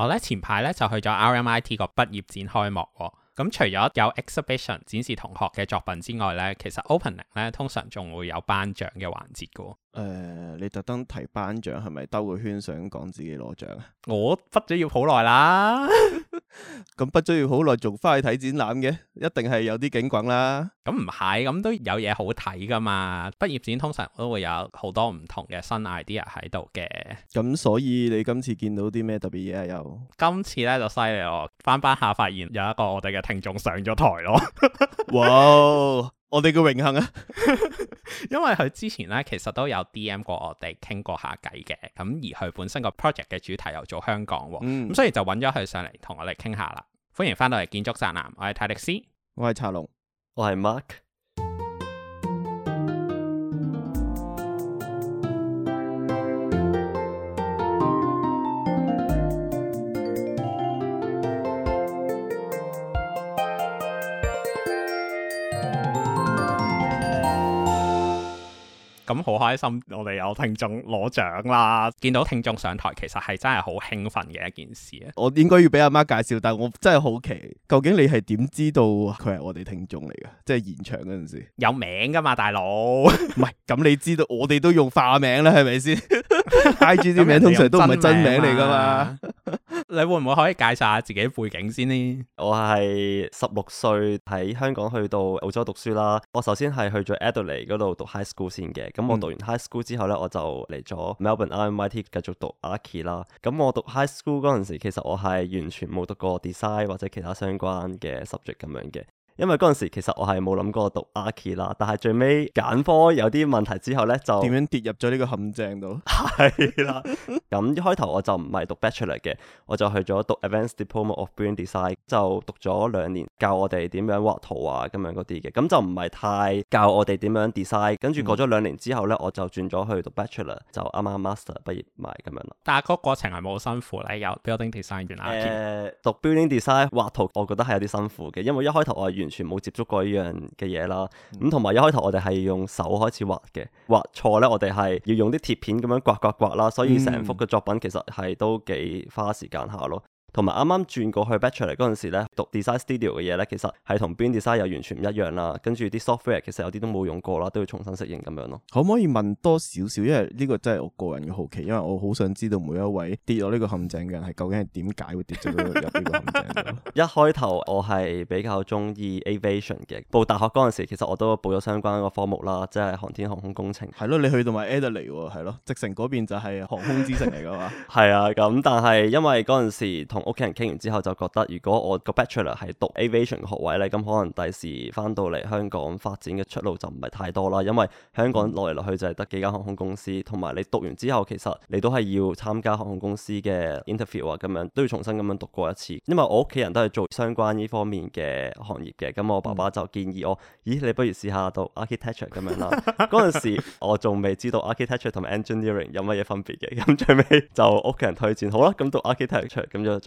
我咧前排咧就去咗 RMIT 個畢業展開幕喎、哦，咁、嗯、除咗有 exhibition 展，展示同學嘅作品之外咧，其實 opening 咧通常仲會有頒獎嘅環節噶、哦、喎。誒、呃，你特登提頒獎係咪兜個圈想講自己攞獎啊？我畢咗業好耐啦，咁畢咗業好耐，仲翻去睇展覽嘅，一定係有啲景轟啦。咁唔係，咁都有嘢好睇噶嘛？畢業展通常都會有好多唔同嘅新 idea 喺度嘅。咁 所以你今次見到啲咩特別嘢啊？又今次咧就犀利咯，返返下發現有一個我哋嘅聽眾上咗台咯。哇 ，Wow, 我哋嘅榮幸啊！ 因為佢之前咧其實都有 DM 過我哋傾過下偈嘅，咁而佢本身個 project 嘅主題又做香港，咁、嗯嗯、所以就揾咗佢上嚟同我哋傾下啦。歡迎翻到嚟建築宅男，我係泰力斯，我係茶龍，我係 Mark。咁好開心，我哋有聽眾攞獎啦！見到聽眾上台，其實係真係好興奮嘅一件事啊！我應該要俾阿媽介紹，但係我真係好奇，究竟你係點知道佢係我哋聽眾嚟嘅？即係現場嗰陣時有名㗎嘛，大佬？唔係， 咁你知道我哋都用化名啦，係咪先？IG 啲名， 名通常都唔係真名嚟㗎嘛。啊你會唔會可以介紹下自己背景先呢？我係十六歲喺香港去到澳洲讀書啦。我首先係去咗 Adelaide 嗰度讀 High School 先嘅。咁我讀完 High School 之後呢，我就嚟咗 Melbourne RMIT 繼續讀 Archi 啦。咁我讀 High School 嗰陣時，其實我係完全冇讀過 Design 或者其他相關嘅 subject 咁樣嘅。因為嗰陣時其實我係冇諗過讀 Archi 啦，但係最尾揀科有啲問題之後咧，就點樣跌入咗呢個陷阱度？係啦，咁一開頭我就唔係讀 Bachelor 嘅，我就去咗讀 Advanced Diploma of Building Design，就讀咗兩年，教我哋點樣畫圖啊咁樣嗰啲嘅，咁就唔係太教我哋點樣 design。跟住過咗兩年之後咧，我就轉咗去讀 Bachelor，就啱啱 Master 畢業埋咁樣咯。嗯、但係個過程係冇辛苦咧，有 Building Design 完 Archi。誒、呃，讀 Building Design 畫圖我覺得係有啲辛苦嘅，因為一開頭我完完全冇接觸過依樣嘅嘢啦，咁同埋一開頭我哋係用手開始畫嘅，畫錯咧我哋係要用啲鐵片咁樣刮刮刮啦，所以成幅嘅作品其實係都幾花時間下咯。同埋啱啱轉過去 Bachelor 嗰陣時咧，讀 Design Studio 嘅嘢咧，其實係同 Build Design 又完全唔一樣啦。跟住啲 Software 其實有啲都冇用過啦，都要重新適應咁樣咯。可唔可以問多少少？因為呢個真係我個人嘅好奇，因為我好想知道每一位跌落呢個陷阱嘅人係究竟係點解會跌咗入呢個陷阱嘅 一開頭我係比較中意 Aviation 嘅，報大學嗰陣時其實我都報咗相關一個科目啦，即係航天航空工程。係咯、嗯，你去到埋 Edinburgh 係咯，直成嗰邊就係航空之城嚟㗎嘛。係 啊，咁但係因為嗰陣時同屋企人傾完之後就覺得，如果我個 bachelor 係讀 aviation 嘅學位咧，咁可能第時翻到嚟香港發展嘅出路就唔係太多啦。因為香港落嚟落去就係得幾間航空公司，同埋你讀完之後其實你都係要參加航空公司嘅 interview 啊，咁樣都要重新咁樣讀過一次。因為我屋企人都係做相關呢方面嘅行業嘅，咁我爸爸就建議我：咦，你不如試下讀 architecture 咁樣啦。嗰陣時我仲未知道 architecture 同埋 engineering 有乜嘢分別嘅，咁最尾就屋企人推薦好啦，咁讀 architecture 咁樣。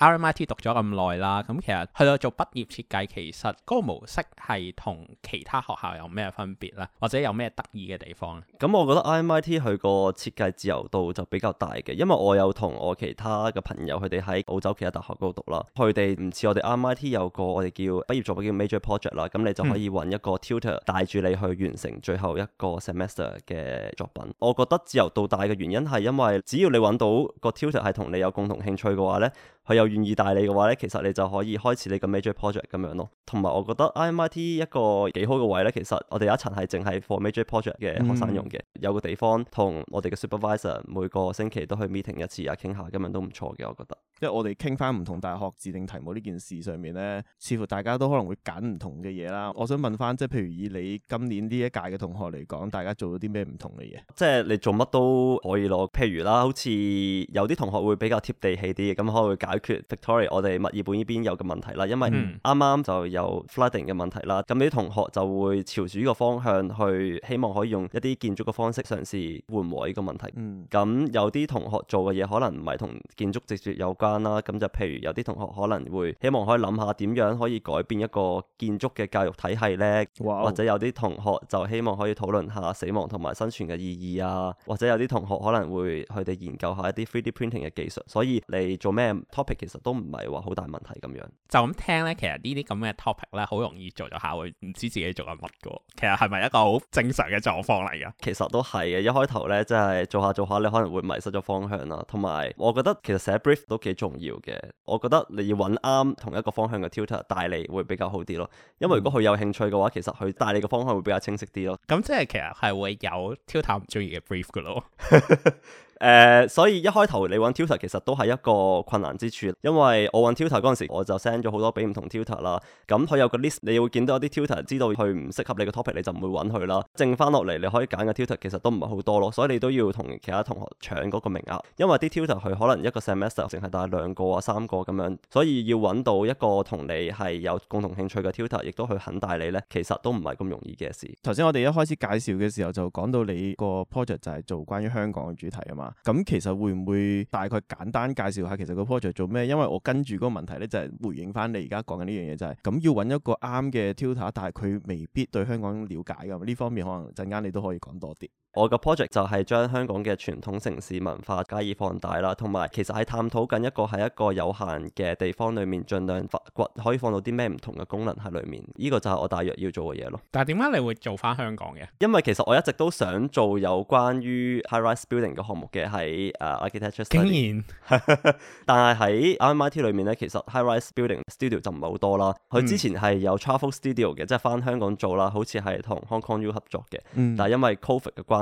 RMIT 讀咗咁耐啦，咁其實去到做畢業設計，其實嗰個模式係同其他學校有咩分別咧，或者有咩得意嘅地方咧？咁我覺得 RMIT 佢個設計自由度就比較大嘅，因為我有同我其他嘅朋友，佢哋喺澳洲其他大學度讀啦，佢哋唔似我哋 RMIT 有個我哋叫畢業作品叫 Major Project 啦，咁你就可以揾一個 Tutor 帶住你去完成最後一個 semester 嘅作品。嗯、我覺得自由度大嘅原因係因為只要你揾到個 Tutor 係同你有共同興趣嘅話呢。佢又願意帶你嘅話咧，其實你就可以開始你個 major project 咁樣咯。同埋我覺得 RMIT 一個幾好嘅位咧，其實我哋有一層係淨係 for major project 嘅學生用嘅，嗯、有個地方同我哋嘅 supervisor 每個星期都去 meeting 一次啊，傾下咁樣都唔錯嘅，我覺得。即係我哋傾翻唔同大學自定題目呢件事上面咧，似乎大家都可能會揀唔同嘅嘢啦。我想問翻，即係譬如以你今年呢一屆嘅同學嚟講，大家做咗啲咩唔同嘅嘢？即係你做乜都可以攞，譬如啦，好似有啲同學會比較貼地氣啲嘅，咁可以解決 Victoria 我哋墨爾本呢邊有嘅問題啦。因為啱啱就有 flooding 嘅問題啦，咁啲、嗯、同學就會朝住呢個方向去，希望可以用一啲建築嘅方式嘗試緩和呢個問題，咁、嗯、有啲同學做嘅嘢可能唔係同建築直接有關。啦咁就譬如有啲同學可能會希望可以諗下點樣可以改變一個建築嘅教育體系咧，Wow. 或者有啲同學就希望可以討論下死亡同埋生存嘅意義啊，或者有啲同學可能會佢哋研究下一啲 3D printing 嘅技術，所以你做咩 topic 其實都唔係話好大問題咁樣，就咁聽咧，其實呢啲咁嘅 topic 咧好容易做咗下去，唔知自己做緊乜個，其實係咪一個好正常嘅狀況嚟噶？其實都係嘅，一開頭咧即係做下做下你可能會迷失咗方向啦，同埋我覺得其實寫 brief 都幾。重要嘅，我覺得你要揾啱同一個方向嘅 tutor 帶你會比較好啲咯。因為如果佢有興趣嘅話，其實佢帶你嘅方向會比較清晰啲咯。咁即係其實係會有 tutor 唔中意嘅 brief 嘅咯。 誒，uh, 所以一開頭你揾 tutor 其實都係一個困難之處，因為我揾 tutor 陣陣時，我就 send 咗好多俾唔同 tutor 啦。咁佢有個 list，你會見到有啲 tutor 知道佢唔適合你嘅 topic，你就唔會揾佢啦。剩翻落嚟你可以揀嘅 tutor 其實都唔係好多咯，所以你都要同其他同學搶嗰個名額。因為啲 tutor 佢可能一個 semester 淨係帶兩個啊三個咁樣，所以要揾到一個同你係有共同興趣嘅 tutor，亦都去肯帶你呢，其實都唔係咁容易嘅事。頭先我哋一開始介紹嘅時候就講到你個 project 就係做關於香港嘅主題啊嘛。咁、嗯、其實會唔會大概簡單介紹下其實個 project 做咩？因為我跟住嗰個問題咧，就係回應翻你而家講緊呢樣嘢就係、是，咁、嗯、要揾一個啱嘅 tutor，但係佢未必對香港了解噶。呢方面可能陣間你都可以講多啲。我嘅 project 就係將香港嘅傳統城市文化加以放大啦，同埋其實係探討緊一個喺一個有限嘅地方裏面，盡量發掘可以放到啲咩唔同嘅功能喺裏面。呢、這個就係我大約要做嘅嘢咯。但係點解你會做翻香港嘅？因為其實我一直都想做有關於 high rise building 嘅項目嘅，喺誒 architecture studio。竟然， 但係喺 RMIT 裏面咧，其實 high rise building studio 就唔係好多啦。佢之前係有 travel studio 嘅，嗯、即係翻香港做啦，好似係同 Hong Kong U 合作嘅，嗯、但係因為 COVID 嘅關。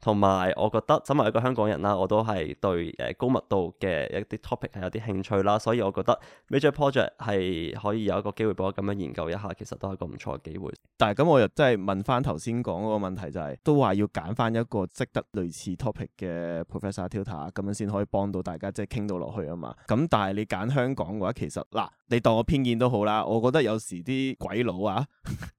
同埋，我覺得身為一個香港人啦，我都係對誒高密度嘅一啲 topic 係有啲興趣啦，所以我覺得 major project 係可以有一個機會畀我咁樣研究一下，其實都係一個唔錯嘅機會。但係咁我又真係問翻頭先講嗰個問題，就係，就係都話要揀翻一個識得類似 topic 嘅 professor tutor 啊，咁樣先可以幫到大家即係傾到落去啊嘛。咁但係你揀香港嘅話，其實嗱，你當我偏見都好啦，我覺得有時啲鬼佬啊，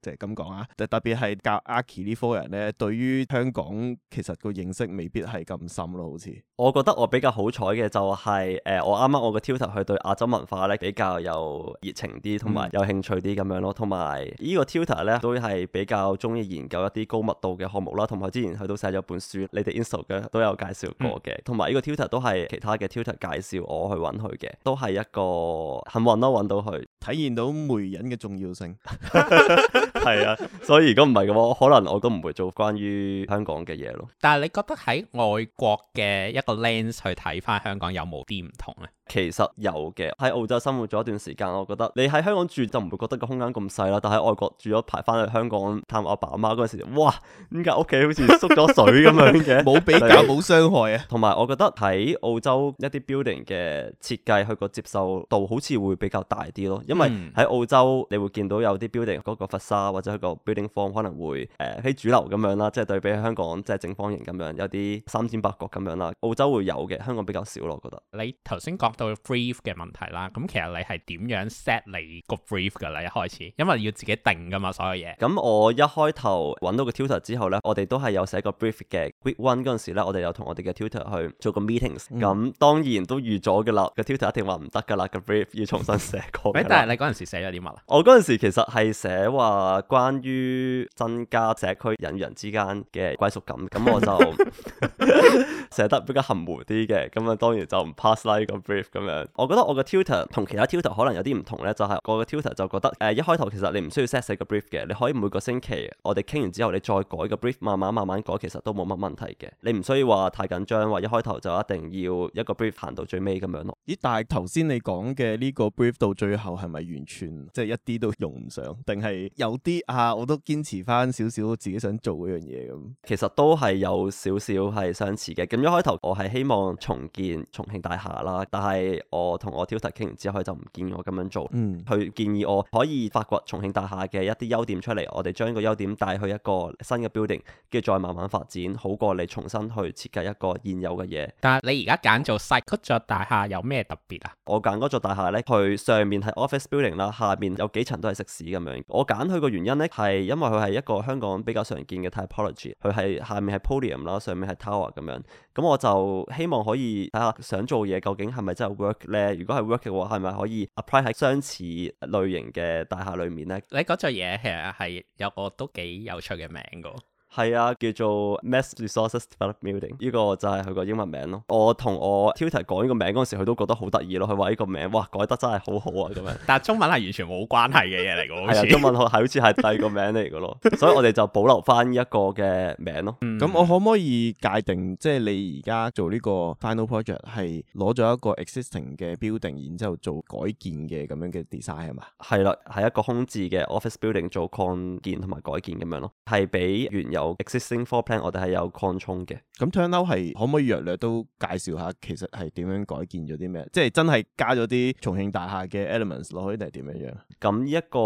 即係咁講啊，就特別係教 Archi 呢科人咧，對於香港其實～個認識未必係咁深咯，好似我覺得我比較好彩嘅就係、是、誒、呃，我啱啱我個 tutor 佢對亞洲文化咧比較有熱情啲，同埋有，有興趣啲咁樣咯。同埋呢個 tutor 咧都係比較中意研究一啲高密度嘅項目啦。同埋之前佢都寫咗本書，你哋 Instagram 都有介紹過嘅。同埋呢個 tutor 都係其他嘅 tutor 介紹我去揾佢嘅，都係一個幸運咯，揾到佢體現到媒人嘅重要性。係 啊，所以如果唔係嘅話， 可能我都唔會做關於香港嘅嘢咯。但係你覺得喺外國嘅一個 lens 去睇翻香港有冇啲唔同咧？其實有嘅，喺澳洲生活咗一段時間，我覺得你喺香港住就唔會覺得個空間咁細啦。但喺外國住咗排翻去香港探阿爸阿媽嗰陣時，哇！點解屋企好似縮咗水咁樣嘅？冇 對比較冇傷害啊。同埋我覺得喺澳洲一啲 building 嘅設計佢個接受度好似會比較大啲咯，因為喺澳洲你會見到有啲 building 嗰個佛沙或者佢個 building form 可能會誒非、呃、主流咁樣啦，即係對比香港即係整方。咁樣有啲三尖八角咁樣啦，澳洲會有嘅，香港比較少咯，我覺得。你頭先講到 brief 嘅問題啦，咁其實你係點樣 set 你個 brief 噶啦？一開始，因為要自己定噶嘛，所有嘢。咁我一開頭揾到個 tutor 之後咧，我哋都係有寫個 brief 嘅。week one 嗰陣時咧，我哋有同我哋嘅 tutor 去做個 meetings，咁、嗯、當然都預咗嘅啦，個 tutor 一定話唔得噶啦，個 brief 要重新寫過。誒， 但係你嗰陣時寫咗啲乜？我嗰陣時其實係寫話關於增加社區人與人之間嘅歸屬感，咁我。 就寫 得比較含糊啲嘅，咁啊當然就唔 pass 啦呢、這個 brief 咁樣。我覺得我個 tutor 同其他 tutor 可能有啲唔同呢，就係、是、我個 tutor 就覺得誒、呃、一開頭其實你唔需要 set 死個 brief 嘅，你可以每個星期我哋傾完之後你再改個 brief，慢慢慢慢改其實都冇乜問題嘅。你唔需要話太緊張，話一開頭就一定要一個 brief 行到最尾咁樣咯。咦？但係頭先你講嘅呢個 brief 到最後係咪完全即係、就是、一啲都用唔上，定係有啲啊我都堅持翻少少自己想做嗰樣嘢咁？其實都係有。有少少係相似嘅，咁一開頭我係希望重建重慶大廈啦，但係我同我 tutor 傾完之後，佢就唔建議我咁樣做，佢、嗯、建議我可以發掘重慶大廈嘅一啲優點出嚟，我哋將個優點帶去一個新嘅 building，跟住再慢慢發展，好過你重新去設計一個現有嘅嘢。但係你而家揀做細嗰座大廈有咩特別啊？我揀嗰座大廈咧，佢上面係 office building 啦，下面有幾層都係食肆咁樣。我揀佢嘅原因咧，係因為佢係一個香港比較常見嘅 typology，佢係下面係 podium 啦，上面係 Tower 咁樣，咁我就希望可以睇下想做嘢究竟係咪真係 work 咧？如果係 work 嘅話，係咪可以 apply 喺相似類型嘅大廈裡面咧？你嗰座嘢其實係有個都幾有趣嘅名㗎。係啊，叫做 Mass Resources Development Building，呢個就係佢個英文名咯。我同我 tutor 講呢個名嗰陣時，佢都覺得好得意咯。佢話呢個名哇，改得真係好好啊咁樣。 但係中文係完全冇關係嘅嘢嚟㗎，中文係好似係第二個名嚟㗎咯。所以我哋就保留翻一個嘅名咯。咁、 嗯、我可唔可以界定即係你而家做呢個 final project 係攞咗一個 existing 嘅 building，然之後做改建嘅咁樣嘅 design 係嘛？係啦、啊，係一個空置嘅 office building 做擴建同埋改建咁樣咯，係比原有。有 existing floor plan 我哋係有擴充嘅，咁 turn out 係可唔可以略略都介紹下，其實係點樣改建咗啲咩？即係真係加咗啲重慶大廈嘅 elements 落去定係點樣樣？咁一個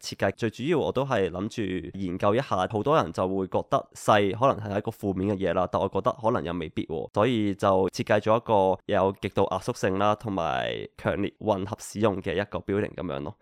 設計最主要我都係諗住研究一下，好多人就會覺得細可能係一個負面嘅嘢啦，但我覺得可能又未必喎、啊，所以就設計咗一個有極度壓縮性啦，同埋強烈混合使用嘅一個 building 咁樣咯。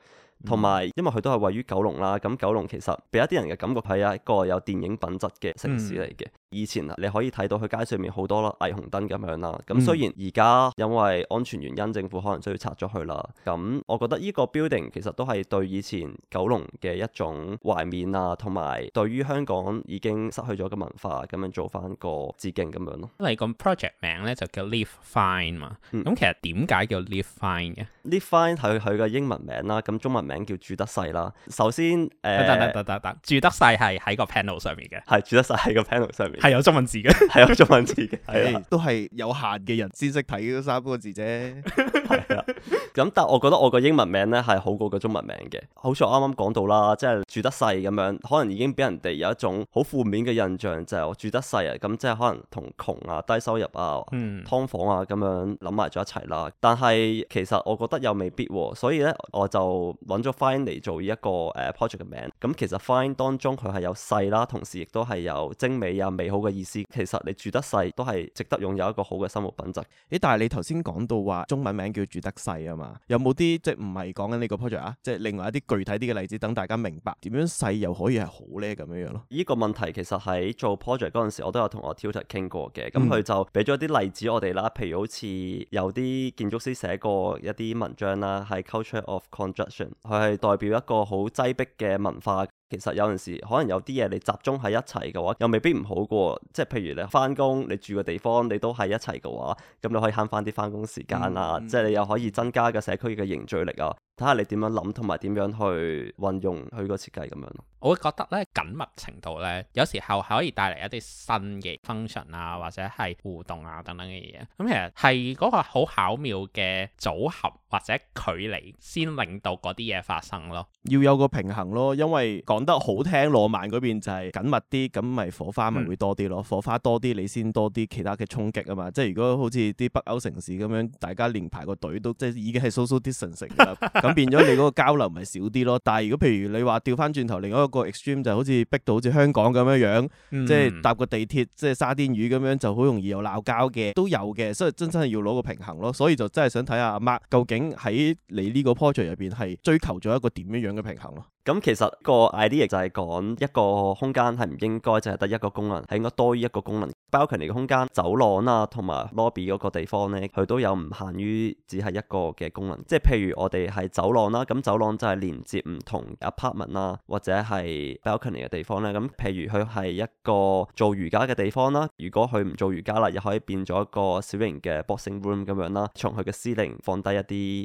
同埋，因為佢都係位於九龍啦，咁九龍其實畀一啲人嘅感覺係一個有電影品質嘅城市嚟嘅。嗯以前你可以睇到佢街上面好多啦，霓虹燈咁樣啦。咁雖然而家因為安全原因，政府可能需要拆咗佢啦。咁我覺得呢個 building 其實都係對以前九龍嘅一種懷念啊，同埋對於香港已經失去咗嘅文化咁樣做翻個致敬咁樣咯。因為個 project 名咧就叫 Live Fine 嘛。咁、嗯、其實點解叫 Live Fine 嘅？Live Fine 係佢嘅英文名啦。咁中文名叫住得細啦。首先，誒等等等等住得細係喺個 panel 上面嘅，係住得細喺個 panel 上面。係有中文字嘅，係有中文字嘅，係都係有限嘅人先識睇呢三個字啫。係啦，咁但係我覺得我個英文名咧係好過個中文名嘅。好似我啱啱講到啦，即係住得細咁樣，可能已經俾人哋有一種好負面嘅印象，就係我住得細啊。咁即係可能同窮啊、低收入啊、劏房啊咁樣諗埋咗一齊啦。但係其實我覺得又未必、啊，所以咧我就揾咗 fine 嚟做一個誒、啊、project 嘅名。咁其實 fine 當中佢係有細啦，同時亦都係有精美啊、美。好嘅意思，其實你住得細都係值得擁有一個好嘅生活品質。咦，但係你頭先講到話中文名叫住得細啊嘛，有冇啲即係唔係講緊呢個 project 啊？即係另外一啲具體啲嘅例子，等大家明白點樣細又可以係好咧咁樣樣咯。呢個問題其實喺做 project 嗰陣時，我都有同我 tutor i 傾過嘅。咁佢、嗯、就俾咗啲例子我哋啦，譬如好似有啲建築師寫過一啲文章啦，係 culture of congestion，佢係代表一個好擠迫嘅文化。其實有陣時，可能有啲嘢你集中喺一齊嘅話，又未必唔好過。即係譬如你翻工，你住嘅地方你都係一齊嘅話，咁你可以慳翻啲翻工時間啦。嗯嗯，即係你又可以增加個社區嘅凝聚力啊。睇下你點樣諗同埋點樣去運用佢個設計咁樣咯。我會覺得咧，緊密程度咧，有時候係可以帶嚟一啲新嘅 function 啊，或者係互動啊等等嘅嘢。咁其實係嗰個好巧妙嘅組合或者距離，先令到嗰啲嘢發生咯。要有個平衡咯，因為講得好聽，浪漫嗰邊就係緊密啲，咁咪火花咪會多啲咯。嗯、火花多啲，你先多啲其他嘅衝擊啊嘛。即係如果好似啲北歐城市咁樣，大家連排個隊都即係已經係 social distancing 啦。咁 變咗你嗰個交流咪少啲咯，但係如果譬如你話調翻轉頭另外一個 extreme 就好似逼到好似香港咁樣樣，嗯、即係搭個地鐵即係沙甸魚咁樣就好容易有鬧交嘅都有嘅，所以真真係要攞個平衡咯，所以就真係想睇下阿 Mark 究竟喺你呢個 project 入邊係追求咗一個點樣樣嘅平衡咯。咁其實個 idea 就係講一個空間係唔應該淨係得一個功能，係應該多於一個功能。balcony 嘅空間、走廊啊，同埋 lobby 嗰個地方咧，佢都有唔限於只係一個嘅功能。即係譬如我哋係走廊啦、啊，咁走廊就係連接唔同 apartment 啊，或者係 balcony 嘅地方咧、啊。咁譬如佢係一個做瑜伽嘅地方啦、啊，如果佢唔做瑜伽啦，又可以變咗一個小型嘅 boxing room 咁樣啦，從佢嘅 ceiling 放低一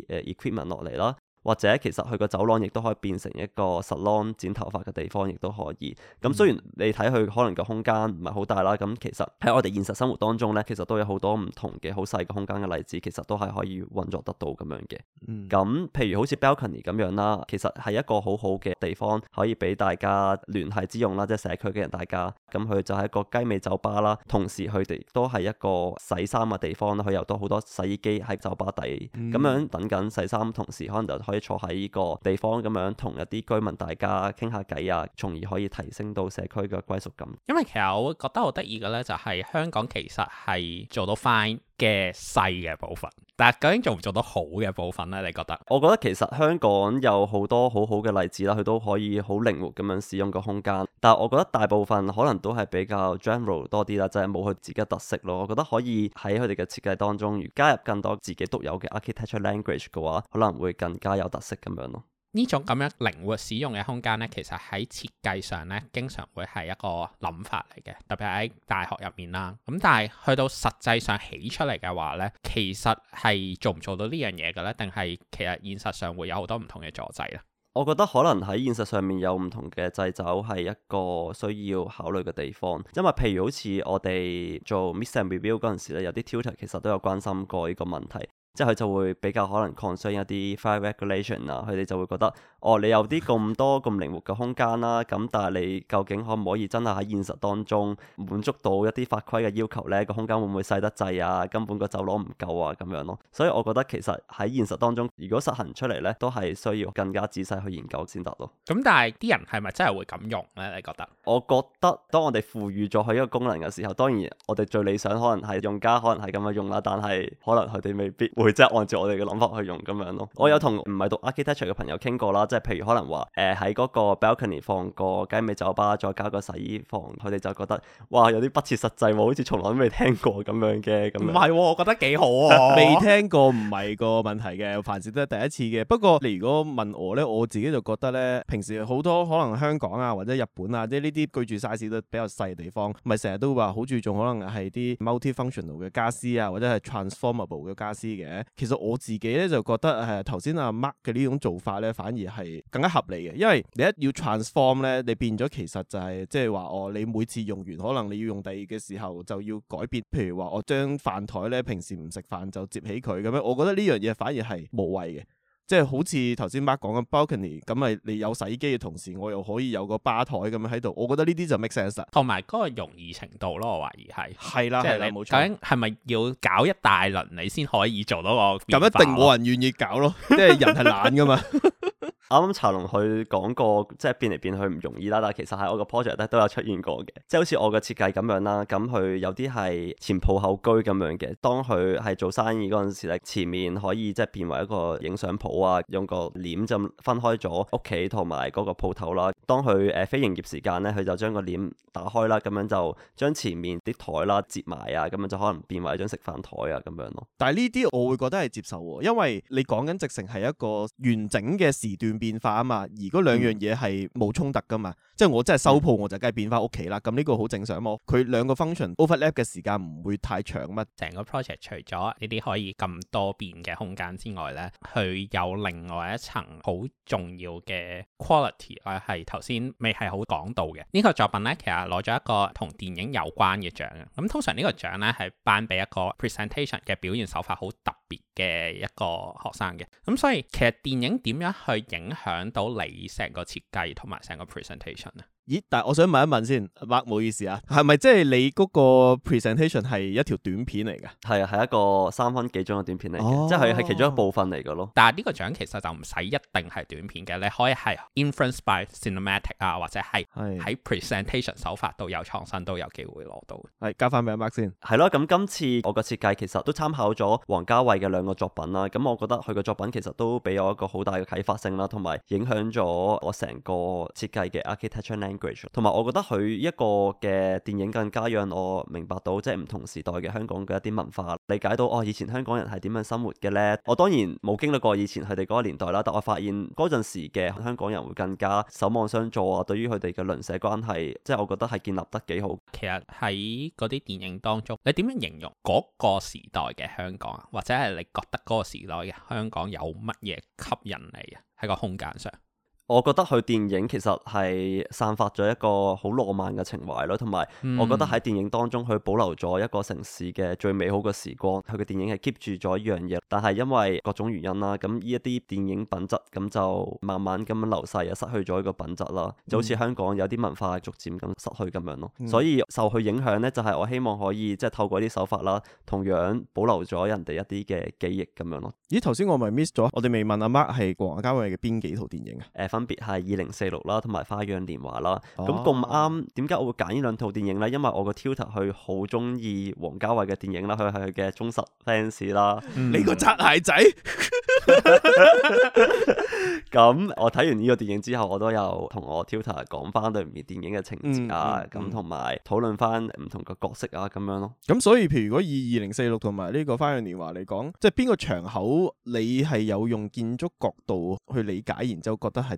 啲誒 equipment 落嚟啦。或者其實佢個走廊亦都可以變成一個 salon 剪頭髮嘅地方，亦都可以。咁雖然你睇佢可能個空間唔係好大啦，咁、嗯、其實喺我哋現實生活當中呢，其實都有好多唔同嘅好細嘅空間嘅例子，其實都係可以運作得到咁樣嘅。咁、嗯、譬如好似 balcony 咁樣啦，其實係一個好好嘅地方，可以俾大家聯繫之用啦，即係社區嘅人大家。咁佢就係一個雞尾酒吧啦，同時佢哋都係一個洗衫嘅地方，佢有多好多洗衣機喺酒吧底，咁、嗯、樣等緊洗衫，同時可能就可以。坐喺呢個地方咁樣同一啲居民大家傾下偈啊，從而可以提升到社區嘅歸屬感。因為其實我覺得好得意嘅咧，就係香港其實係做到 fine 嘅細嘅部分。但究竟做唔做得好嘅部分咧？你覺得？我覺得其實香港有好多好好嘅例子啦，佢都可以好靈活咁樣使用個空間。但係我覺得大部分可能都係比較 general 多啲啦，就係冇佢自己特色咯。我覺得可以喺佢哋嘅設計當中，加入更多自己獨有嘅 architecture language 嘅話，可能會更加有特色咁樣咯。呢種咁樣靈活使用嘅空間咧，其實喺設計上咧，經常會係一個諗法嚟嘅，特別喺大學入面啦。咁但係去到實際上起出嚟嘅話咧，其實係做唔做到呢樣嘢嘅咧？定係其實現實上會有好多唔同嘅阻滯咧？我覺得可能喺現實上面有唔同嘅掣肘係一個需要考慮嘅地方，因為譬如好似我哋做 Miss and Review 嗰陣時咧，有啲 Tutor 其實都有關心過呢個問題。即係佢就會比較可能 concern 一啲 fire regulation 啊，佢哋就會覺得，哦，你有啲咁多咁靈活嘅空間啦、啊，咁但係你究竟可唔可以真係喺現實當中滿足到一啲法規嘅要求咧？個空間會唔會細得滯啊？根本個走廊唔夠啊咁樣咯、啊。所以我覺得其實喺現實當中，如果實行出嚟咧，都係需要更加仔細去研究先得咯。咁但係啲人係咪真係會咁用咧？你覺得？我覺得當我哋賦予咗佢一個功能嘅時候，當然我哋最理想可能係用家可能係咁樣用啦，但係可能佢哋未必會。即係按照我哋嘅諗法去用咁樣咯。我有同唔係讀 architecture 嘅朋友傾過啦，即係譬如可能話誒喺嗰個 balcony 放個雞尾酒吧，再加個洗衣房，佢哋就覺得哇有啲不切實際喎，好似從來都未聽過咁樣嘅。咁唔係，我覺得幾好啊、哦。未 聽過唔係個問題嘅，凡事都係第一次嘅。不過你如果問我呢，我自己就覺得呢，平時好多可能香港啊或者日本啊即係呢啲居住 size 都比較細嘅地方，咪成日都話好注重可能係啲 multi-functional 嘅家私啊，或者係 transformable 嘅家私嘅。其實我自己咧就覺得誒頭先阿 Mark 嘅呢種做法咧，反而係更加合理嘅，因為你一要 transform 咧，你變咗其實就係即係話哦，你每次用完可能你要用第二嘅時候就要改變，譬如話我將飯枱咧平時唔食飯就摺起佢咁樣，我覺得呢樣嘢反而係無謂嘅。即係好似頭先 Mark 講緊 balcony，咁咪你有洗衣機嘅同時，我又可以有個吧台咁樣喺度，我覺得呢啲就 make sense。同埋嗰個容易程度咯，我懷疑係。係啦，即係你冇錯。究竟係咪要搞一大輪你先可以做到個？咁一定冇人願意搞咯，即係人係懶噶嘛。 啱啱茶龍佢講過，即係變嚟變去唔容易啦。但係其實喺我個 project 咧都有出現過嘅，即係好似我嘅設計咁樣啦。咁佢有啲係前鋪後居咁樣嘅。當佢係做生意嗰陣時咧，前面可以即係變為一個影相鋪啊，用個簾就分開咗屋企同埋嗰個鋪頭啦。當佢誒非營業時間咧，佢就將個簾打開啦，咁樣就將前面啲枱啦折埋啊，咁樣就可能變為一張食飯枱啊咁樣咯。但係呢啲我會覺得係接受喎，因為你講緊直成係一個完整嘅時段。變化啊嘛，而嗰兩樣嘢係冇衝突噶嘛，即係我真係收鋪，我就梗係變翻屋企啦。咁呢個好正常咯。佢兩個 function overlap 嘅時間唔會太長乜。成個 project 除咗呢啲可以咁多變嘅空間之外咧，佢有另外一層好重要嘅 quality，係頭先未係好講到嘅。呢個作品咧，其實攞咗一個同電影有關嘅獎。咁通常呢個獎咧係頒俾一個 presentation 嘅表現手法好特別別嘅一個學生嘅，咁所以其實電影點樣去影響到你成個設計同埋成個 presentation 啊？咦？但係我想問一問先，Mark 唔好意思啊，係咪即係你嗰個 presentation 係一條短片嚟嘅？係啊，係一個三分幾鐘嘅短片嚟嘅，哦、即係係其中一部分嚟嘅咯。但係呢個獎其實就唔使一定係短片嘅，你可以係 influenced by cinematic 啊，或者係喺 presentation 是手法度有創新都有機會攞到。係交翻俾 Mark 先。係咯，咁今次我個設計其實都參考咗王家衛嘅兩個作品啦。咁我覺得佢個作品其實都俾我一個好大嘅啟發性啦，同埋影響咗我成個設計嘅 architecture。同埋，我覺得佢一個嘅電影更加讓我明白到即係唔同時代嘅香港嘅一啲文化，理解到哦，以前香港人係點樣生活嘅呢？我當然冇經歷過以前佢哋嗰個年代啦，但我發現嗰陣時嘅香港人會更加守望相助啊！對於佢哋嘅鄰舍關係，即係我覺得係建立得幾好。其實喺嗰啲電影當中，你點樣形容嗰個時代嘅香港啊？或者係你覺得嗰個時代嘅香港有乜嘢吸引你啊？喺個空間上。我覺得佢電影其實係散發咗一個好浪漫嘅情懷咯，同埋我覺得喺電影當中佢保留咗一個城市嘅最美好嘅時光，佢嘅電影係 keep 住咗一樣嘢，但係因為各種原因啦，咁呢一啲電影品質咁就慢慢咁樣流逝，又失去咗一個品質啦，就好似香港有啲文化逐漸咁失去咁樣咯。嗯、所以受佢影響咧，就係、是、我希望可以即係、就是、透過啲手法啦，同樣保留咗人哋一啲嘅記憶咁樣咯。咦，頭先我咪 miss 咗，我哋未問阿、啊、Mark 係王家衛嘅邊幾套電影啊？分別係二零四六啦，同埋《花樣年華》啦。咁咁啱，點解我會揀呢兩套電影呢？因為我個 tutor 佢好中意王家衞嘅電影啦，佢係佢嘅忠實 fans 啦。嗯、你個拆鞋仔？咁我睇完呢個電影之後，我都有同我 tutor 講翻對面電影嘅情節啊，咁同埋討論翻唔同嘅角色啊，咁樣咯。咁所以譬如如果以二零四六同埋呢個《花樣年華》嚟講，即係邊個場口你係有用建築角度去理解，然之後覺得係。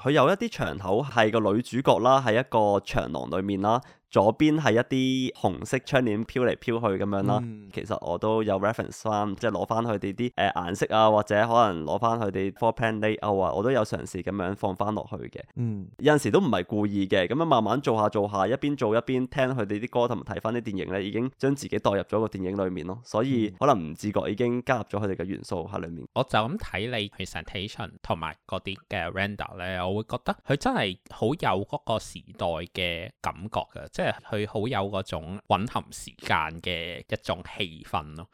佢有一啲場口係個女主角啦，喺一個長廊裏面啦，左邊係一啲紅色窗簾飄嚟飄去咁樣啦。嗯、其實我都有 reference 翻，即係攞翻佢哋啲誒顏色啊，或者可能攞翻佢哋 four panel layout 啊，我都有嘗試咁樣放翻落去嘅。嗯，有陣時都唔係故意嘅，咁樣慢慢做下做下，一邊做一邊聽佢哋啲歌同埋睇翻啲電影咧，已經將自己代入咗個電影裏面咯。所以可能唔自覺已經加入咗佢哋嘅元素喺裏面。嗯、我就咁睇你 presentation 同埋嗰啲嘅 render 咧。我會覺得佢真係好有嗰個時代嘅感覺嘅，即係佢好有嗰種蘊含時間嘅一種氣氛咯。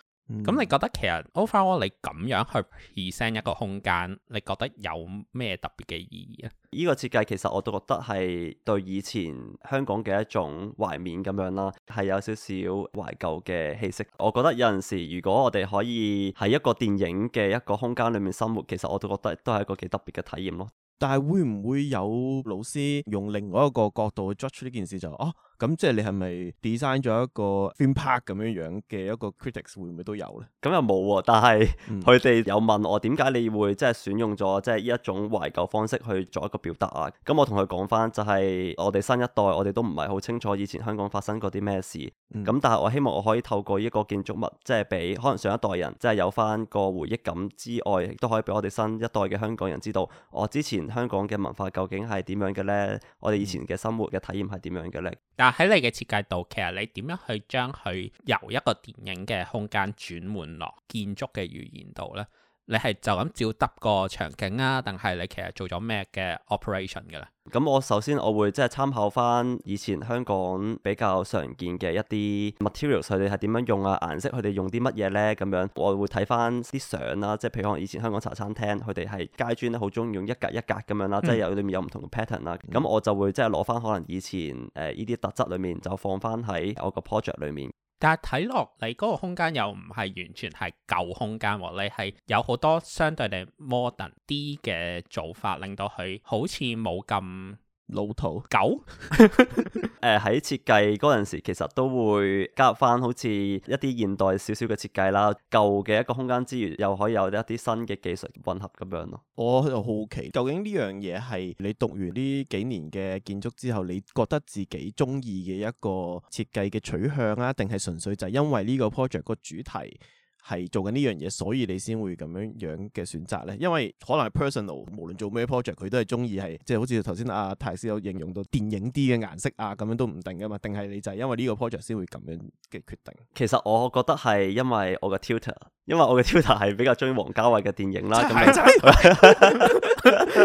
咁、嗯、你覺得其實 Ophir，你咁樣去 present 一個空間，你覺得有咩特別嘅意義啊？呢個設計其實我都覺得係對以前香港嘅一種懷緬咁樣啦，係有少少懷舊嘅氣息。我覺得有陣時如果我哋可以喺一個電影嘅一個空間裏面生活，其實我都覺得都係一個幾特別嘅體驗咯。但係會，唔會有老師用另外一個角度去 judge 呢件事就哦、啊？咁即係你係咪 design 咗一個 theme park 咁樣樣嘅一個 critics 會唔會都有呢？咁又冇喎，但係佢哋有問我點解你會即係選用咗即係呢一種懷舊方式去做一個表達啊？咁我同佢講翻就係我哋新一代，我哋都唔係好清楚以前香港發生過啲咩事。咁、嗯、但係我希望我可以透過呢個建築物，即係俾可能上一代人即係、就是、有翻個回憶感之外，亦都可以俾我哋新一代嘅香港人知道，我之前香港嘅文化究竟係點樣嘅呢？我哋以前嘅生活嘅體驗係點樣嘅呢？嗯。喺你嘅設計度，其實你點樣去將佢由一個電影嘅空間轉換落建築嘅語言度呢？你係就咁照揼個場景啊？定係你其實做咗咩嘅 operation 嘅啦？咁我首先我會即係參考翻以前香港比較常見嘅一啲 materials，佢哋係點樣用啊？顏色佢哋用啲乜嘢咧？咁樣我會睇翻啲相啦，即係譬如講以前香港茶餐廳，佢哋係街磚咧，好中意用一格一格咁樣啦，即係入裏面有唔同嘅 pattern 啦。咁、嗯、我就會即係攞翻可能以前誒呢啲特質裡面，就放翻喺我個 project 裡面。但係睇落嚟嗰個空間又唔係完全係舊空間喎，啊，你係有好多相對地 modern 啲嘅做法，令到佢好似冇咁老土，狗，誒、 呃，喺設計嗰陣時，其實都會加入翻好似一啲現代少少嘅設計啦，舊嘅一個空間之餘，又可以有一啲新嘅技術混合咁樣咯。我又、哦、好奇，究竟呢樣嘢係你讀完呢幾年嘅建築之後，你覺得自己中意嘅一個設計嘅取向啊，定係純粹就係因為呢個 project 個主題？係做緊呢樣嘢，所以你先會咁樣樣嘅選擇。呢因為可能係 personal，無論做咩 project，佢都係中意係，即係好似頭先阿泰斯有形容到電影啲嘅顏色啊，咁樣都唔定噶嘛。定係你就係因為呢個 project 先會咁樣嘅決定。其實我覺得係因為我嘅 tutor，因為我嘅 tutor 係比較中意王家衛嘅電影啦。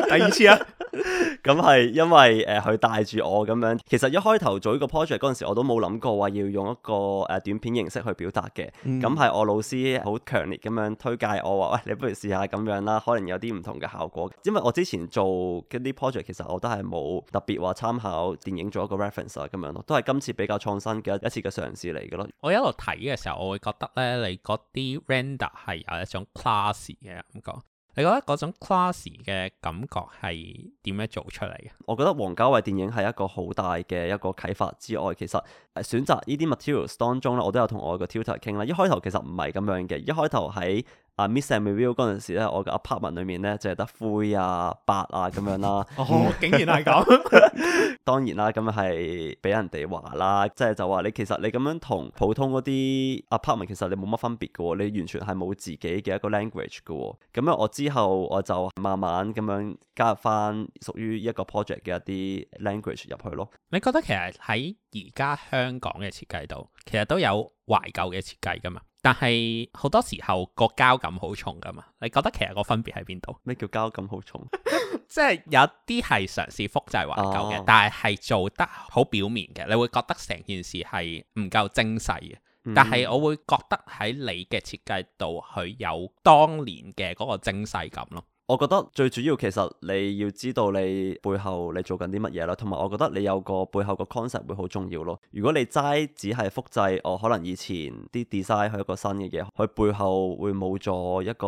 第二次啊，咁係因為誒佢帶住我咁樣。其實一開頭做呢個 project 陣時，我都冇諗過話要用一個誒短片形式去表達嘅。咁係、嗯、我老師。好強烈咁樣推介我話，喂，你不如試下咁樣啦，可能有啲唔同嘅效果。因為我之前做嗰啲 project，其實我都係冇特別話參考電影做一個 reference 啊咁樣咯，都係今次比較創新嘅一次嘅嘗試嚟嘅咯。我一路睇嘅時候，我會覺得咧，你嗰啲 render 係有一種 class 嘅感覺。你覺得嗰種 classy 嘅感覺係點樣做出嚟嘅？我覺得王家衛電影係一個好大嘅一個啟發之外，其實選擇呢啲 materials 當中咧，我都有同我個 tutor 傾啦。一開頭其實唔係咁樣嘅，一開頭喺。啊，miss and review 嗰陣時咧，我嘅 apartment 裏面咧就係得灰啊、白啊咁樣啦。哦， 竟然係咁！當然啦，咁係俾人哋話啦，即係就話、是、你其實你咁樣同普通嗰啲 apartment 其實你冇乜分別嘅，你完全係冇自己嘅一個 language 嘅。咁樣我之後我就慢慢咁樣加入翻屬於一個 project 嘅一啲 language 入去咯。你覺得其實喺？而家香港嘅設計度其實都有懷舊嘅設計噶嘛，但係好多時候個膠感好重噶嘛。你覺得其實個分別喺邊度？咩叫膠感好重？即係 有啲係嘗試複製懷舊嘅，哦、但係係做得好表面嘅，你會覺得成件事係唔夠精細嘅。但係我會覺得喺你嘅設計度，佢有當年嘅嗰個精細感咯。我覺得最主要其實你要知道你背後你做緊啲乜嘢咯，同埋我覺得你有個背後個 concept 會好重要咯。如果你齋只係複製，我、哦、可能以前啲 design 去一個新嘅嘢，佢背後會冇咗一個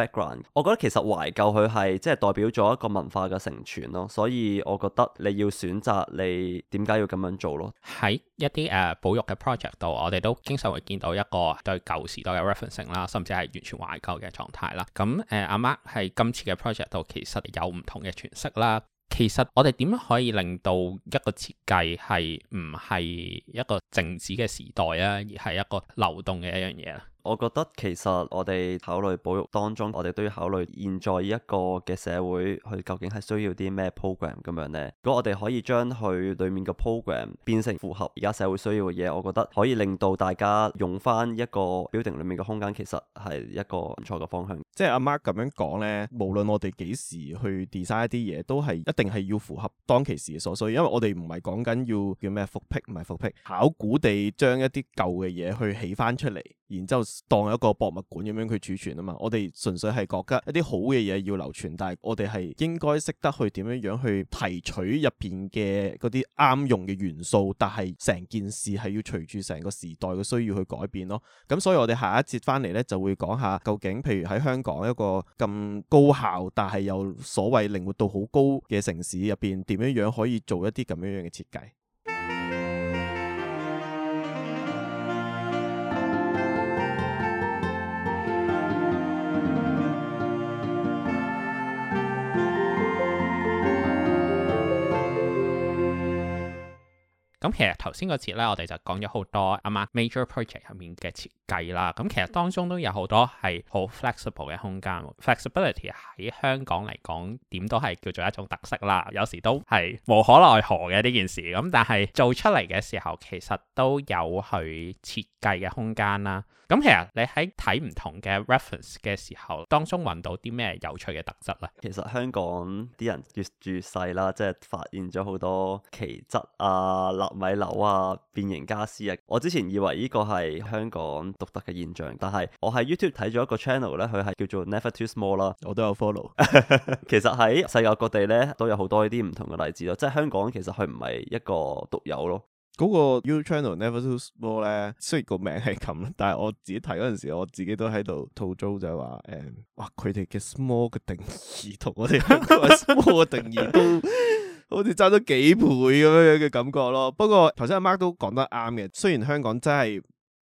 background。我覺得其實懷舊佢係即係代表咗一個文化嘅承傳咯，所以我覺得你要選擇你點解要咁樣做咯。喺一啲誒、uh, 保育嘅 project 度，我哋都經常會見到一個對舊時代嘅 referencing 啦，甚至係完全懷舊嘅狀態啦。咁誒阿 Mark 係今，設計 project 度其實有唔同嘅詮釋啦。其實我哋點樣可以令到一個設計係唔係一個靜止嘅時代啊，而係一個流動嘅一樣嘢啦？我覺得其實我哋考慮保育當中，我哋都要考慮現在一個嘅社會，佢究竟係需要啲咩 program 咁樣呢？如果我哋可以將佢裡面嘅 program 變成符合而家社會需要嘅嘢，我覺得可以令到大家用翻一個 building 裡面嘅空間，其實係一個唔錯嘅方向。即係阿、啊、Mark 咁樣講呢，無論我哋幾時去 design 一啲嘢，都係一定係要符合當其時嘅所需。因為我哋唔係講緊要叫咩復辟，唔係復辟，考古地將一啲舊嘅嘢去起翻出嚟，然之後，當一個博物館咁樣去儲存啊嘛，我哋純粹係覺得一啲好嘅嘢要流傳，但係我哋係應該識得去點樣樣去提取入邊嘅嗰啲啱用嘅元素，但係成件事係要隨住成個時代嘅需要去改變咯。咁所以我哋下一節翻嚟呢，就會講下究竟，譬如喺香港一個咁高效但係又所謂靈活度好高嘅城市入邊，點樣樣可以做一啲咁樣樣嘅設計。 咁其實頭先嗰節咧，我哋就講咗好多啱啱 major project 入面嘅設計啦。咁其實當中都有好多係好 flexible 嘅空間，flexibility 喺香港嚟講，點都係叫做一種特色啦。有時都係無可奈何嘅呢件事。咁但係做出嚟嘅時候，其實都有去設計嘅空間啦。咁其實你喺睇唔同嘅 reference 嘅時候，當中揾到啲咩有趣嘅特質呢？其實香港啲人越住細啦，即係發現咗好多奇質啊、納米樓啊、變形傢俬啊。我之前以為呢個係香港獨特嘅現象，但係我喺 YouTube 睇咗一個 channel 咧，佢係叫做 Never Too Small 啦。我都有 follow。 其實喺世界各地咧都有好多呢啲唔同嘅例子咯，即係香港其實佢唔係一個獨有咯。嗰個 YouTube channel Never Too Small 咧，雖然個名係咁啦，但係我自己睇嗰陣時，我自己都喺度吐槽就係話，誒、嗯，哇，佢哋嘅 small 嘅定義同我哋香港嘅 small 嘅定義都 好似爭咗幾倍咁樣嘅感覺咯。不過頭先阿 Mark 都講得啱嘅，雖然香港真係，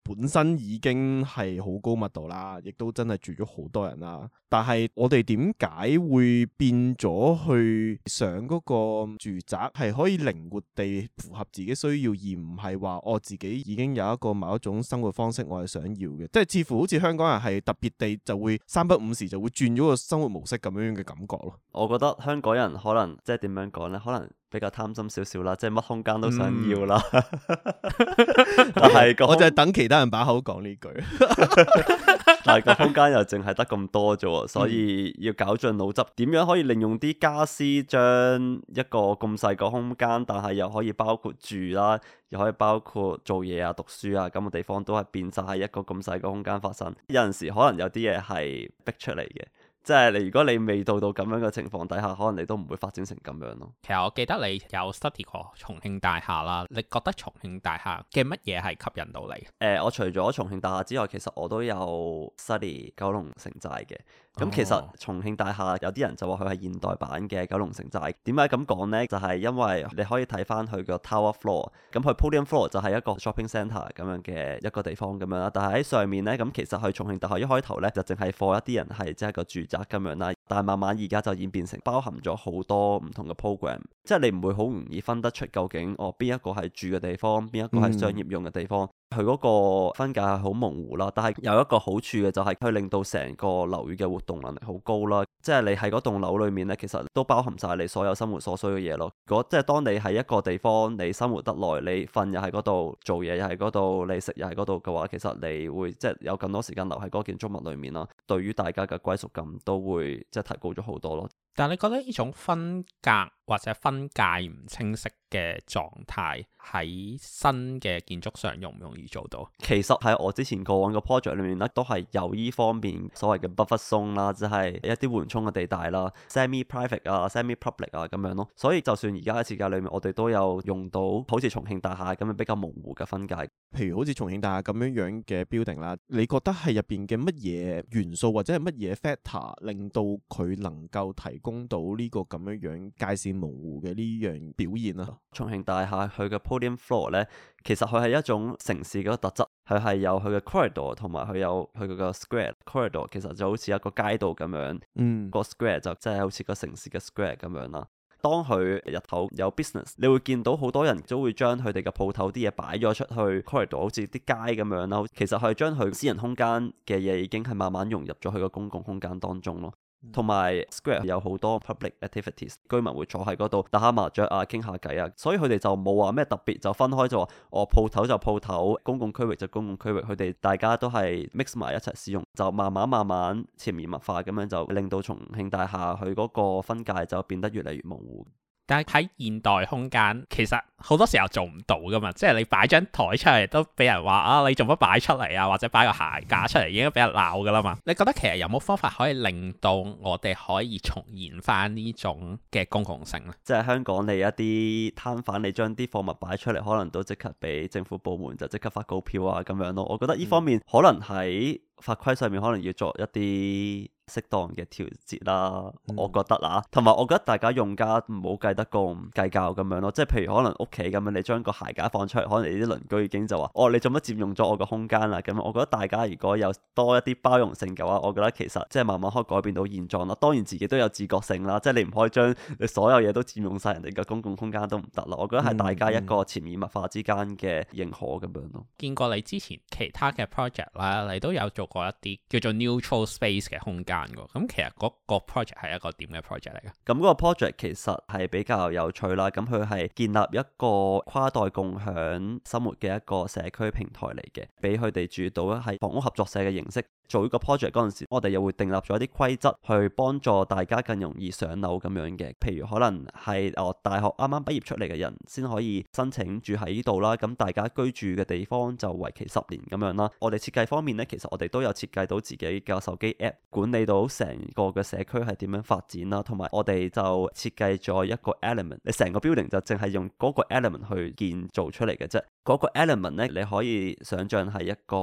本身已經係好高密度啦，亦都真係住咗好多人啦。但係我哋點解會變咗去上嗰個住宅，係可以靈活地符合自己需要，而唔係話我自己已經有一個某一種生活方式我係想要嘅。即係似乎好似香港人係特別地就會三不五時就會轉咗個生活模式咁樣樣嘅感覺咯。我覺得香港人可能即係點樣講呢？可能。比較貪心少少啦，即係乜空間都想要啦。嗯、 但係我就係等其他人把口講呢句， 但係個空間又淨係得咁多啫，所以要搞盡腦汁，點樣可以利用啲家私，將一個咁細個空間，但係又可以包括住啦，啊，又可以包括做嘢啊、讀書啊咁嘅地方，都係變晒喺一個咁細個空間發生。有陣時可能有啲嘢係逼出嚟嘅。即係你，如果你未到到咁樣嘅情況底下，可能你都唔會發展成咁樣咯。其實我記得你有 study 過重慶大廈啦，你覺得重慶大廈嘅乜嘢係吸引到你？誒、呃，我除咗重慶大廈之外，其實我都有 study 九龍城寨嘅。咁、哦、其實重慶大廈有啲人就話佢係現代版嘅九龍城寨，點解咁講呢？就係、是、因為你可以睇翻佢個 tower floor，咁佢 podium floor 就係一個 shopping center 咁樣嘅一個地方咁樣啦。但係喺上面呢，咁其實去重慶大廈一開頭呢，是就淨係放一啲人係即係個住宅咁樣啦，但係慢慢而家就演變成包含咗好多唔同嘅 program，即係你唔會好容易分得出究竟哦邊一個係住嘅地方，邊一個係商業用嘅地方。嗯佢嗰個分界係好模糊啦，但係有一個好處嘅就係，佢令到成個樓宇嘅活動能力好高啦。即係你喺嗰棟樓裏面咧，其實都包含晒你所有生活所需嘅嘢咯。如果即係當你喺一個地方你生活得耐，你瞓又喺嗰度，做嘢又喺嗰度，你食又喺嗰度嘅話，其實你會即係有咁多時間留喺嗰個建築物裏面咯。對於大家嘅歸屬感都會即係提高咗好多咯。但係你覺得呢種分隔或者分界唔清晰嘅狀態喺新嘅建築上容唔容易做到？其實喺我之前過往嘅 project 裏面咧，都係有依方面所謂嘅 buffer zone 啦，即係一啲緩衝嘅地帶啦，semi-private 啊，semi-public 啊咁樣咯。所以就算而家嘅設計裏面，我哋都有用到好似重慶大廈咁樣比較模糊嘅分界。譬如好似重慶大廈咁樣樣嘅 building 啦，你覺得係入邊嘅乜嘢元素或者係乜嘢 factor 令到佢能夠提供攻到呢個咁樣樣界線模糊嘅呢樣表現啊。重慶大廈佢嘅 podium floor 咧，其實佢係一種城市嘅特質，佢係有佢嘅 corridor，同埋佢有佢嗰個 square corridor，其實就好似一個街道咁樣。嗯，個 square 就真係好似個城市嘅 square 咁樣啦。當佢日頭有 business，你會見到好多人都會將佢哋嘅鋪頭啲嘢擺咗出去 corridor，好似啲街咁樣啦。其實佢將佢私人空間嘅嘢已經係慢慢融入咗佢個公共空間當中咯。同埋 Square 有好多 public activities，居民會坐喺嗰度打下麻雀啊、傾下偈啊，所以佢哋就冇話咩特別就分開就話，哦，我鋪頭就鋪頭，公共區域就公共區域，佢哋大家都係 mix 埋一齊使用，就慢慢慢慢潛移默化咁樣就令到重慶大廈佢嗰個分界就變得越嚟越模糊。但係喺現代空間，其實好多時候做唔到噶嘛，即係你擺張台出嚟都俾人話啊，你做乜擺出嚟啊？或者擺個鞋架出嚟已經俾人鬧噶啦嘛。你覺得其實有冇方法可以令到我哋可以重現翻呢種嘅公共性咧？即係香港你一啲攤販，你將啲貨物擺出嚟，可能都即刻俾政府部門就即刻發告票啊咁樣咯。我覺得呢方面、嗯、可能喺法規上面可能要做一啲，適當嘅調節啦，嗯、我覺得啦。同埋我覺得大家用家唔好計得咁計較咁樣咯，即係譬如可能屋企咁樣，你將個鞋架放出嚟，可能你啲鄰居已經就話：哦，你做乜佔用咗我個空間啊？咁我覺得大家如果有多一啲包容性嘅話，我覺得其實即係慢慢可以改變到現狀啦。當然自己都有自覺性啦，即係你唔可以將你所有嘢都佔用晒人哋嘅公共空間都唔得咯。我覺得係大家一個潛移默化之間嘅認可咁樣咯。嗯嗯，見過你之前其他嘅 project 啦，你都有做過一啲叫做 neutral space 嘅空間。咁其實嗰個 project 係一個點嘅 project 嚟嘅，咁嗰個 project 其實係比較有趣啦。咁佢係建立一個跨代共享生活嘅一個社區平台嚟嘅，俾佢哋住到咧，喺房屋合作社嘅形式。做一個 project 嗰陣時，我哋又會訂立咗一啲規則，去幫助大家更容易上樓咁樣嘅。譬如可能係哦大學啱啱畢業出嚟嘅人先可以申請住喺呢度啦。咁大家居住嘅地方就為期十年咁樣啦。我哋設計方面呢，其實我哋都有設計到自己嘅手機 app，管理到成個嘅社區係點樣發展啦。同埋我哋就設計咗一個 element，你成個 building 就淨係用嗰個 element 去建造出嚟嘅啫。嗰個 element 呢，你可以想象係一個